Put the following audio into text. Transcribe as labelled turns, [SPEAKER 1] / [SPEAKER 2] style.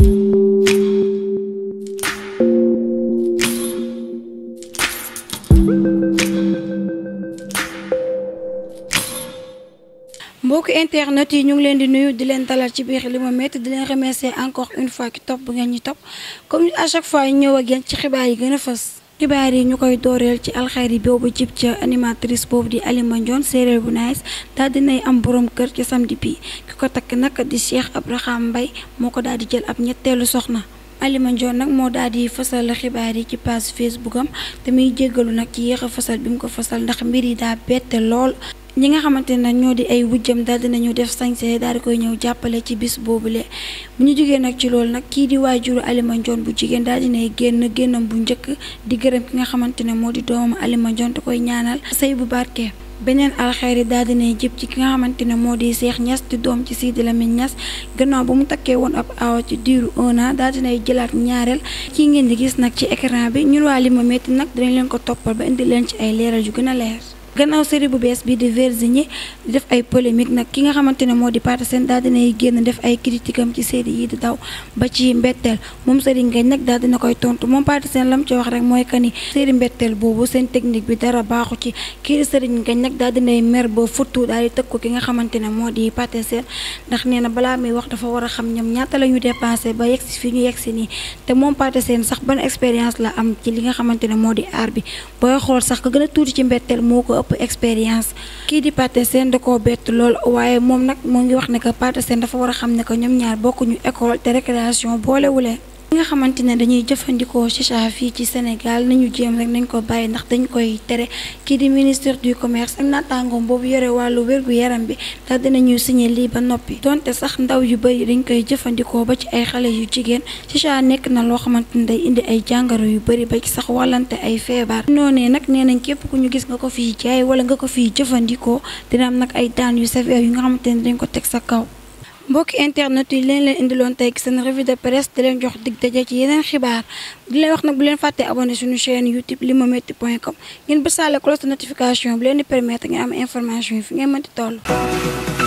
[SPEAKER 1] mbokk internet yi ñu ngi leen di nuyu di leen dalal ci biir li Limametti di leen remercier encore une fois ki top bu ngeen ñu top comme à chaque fois ñu ñëw ak yéen ci xibaar yi gën a fës xibaar yi ñu koy dooreel ci alxayri boobu jib ca animatrice boobu di Alima Ndione séeréer bu nice daal am borom kër ci samedi bi ki ko takk nag di Cheikh Abraham mbay moo ko daal di jël ab ñetteelu soxna Alima Ndione nag moo daal di fasal xibaar yi ci page Facebook am te muy jéggalu nag ci yéex a fasal bi ko fasal ndax mbir yi daa bette lool ñi nga xamante ne ñoo di ay wujjam daal dinañu def sañse daal di koy ñëw jàppale ci bis boobule bu ñu jigéen nag ci loolu nag kii di waajuru Alima Ndione bu jigéen daal dinay génn génnam bu njëkk di gërëm ki nga xamante ne moo di doomam Alima Ndione da koy ñaanal sëy bu barke beneen alxeeri daal dinay jib ci ki nga xamante ne moo di Cheikh Niass di doom ci Sidi Lamine Niass gannaaw bu mu takkee woon ab awa ci diiru un an daal jëlaat ñaareel kii ngeen di gis nag ci écran bi ñun waa Limametti nag dinañ leen ko toppal ba indi leen ci ay leeral yu gën a leer gannaaw série bu bees bi di Virginie di def ay polémique nag ki nga xamante ne moo di Pathé Sène daal dinay génn def ay critique am ci série yi di daw ba ci mbetteel moom série ngañ nag daal dina koy tontu moom Pathé Sène lam ci wax rek mooy que ni série mbetteel boobu seen technique bi dara baaxu ci kii di série ngañ nag daal dinay mer ba futtu daal di tëg ko ki nga xamante ne moo di Pathé Sène ndax nee na balaa muy wax dafa war a xam ñoom ñaata la ñu dépensé ba yegsi fi ñu yegsi nii te moom Pathé seen sax ban expérience la am ci li nga xamante ne moo di aar bi booy xool sax ka gën tuuti ci mbetteel moo ko ëpp ëpp expérience kii di parte seen da koo bett lool waaye moom nag moo ngi wax ne que parte seen dafa war a xam ne que ñoom ñaar bokkuñu école te récréation boolewulee nga xamante ne dañuy jëfandikoo chicha fii ci Sénégal nañu jéem rek nañ ko bàyyi ndax dañu koy tere kii di ministre du commerce ak naataangoom boobu yore wàllu wér yaram bi ndax dinañu signé lii ba noppi donte sax ndaw yu bëri dañ koy jëfandikoo ba ci ay xale yu jigéen chicha nekk na loo xamante ne day indi ay jàngaro yu bëri ba sax wàllante ay feebar noonee nag nee nañ képp ku ñu gis nga ko fiy jaay wala nga ko fiy jëfandikoo dina am nag ay daan yu sévère yu nga xamante ne dañ ko teg sa kaw mbokki internet yi leen leen indiloon tey seen revue de presse di leen jox dig daje ci yeneen xibaar di leen wax nag bu leen fàttee abonné suñu chaîne youtube limametti point com ngeen bësaale cloche de notification bu leen di permettre ngeen am information yi fi ngeen mënti toll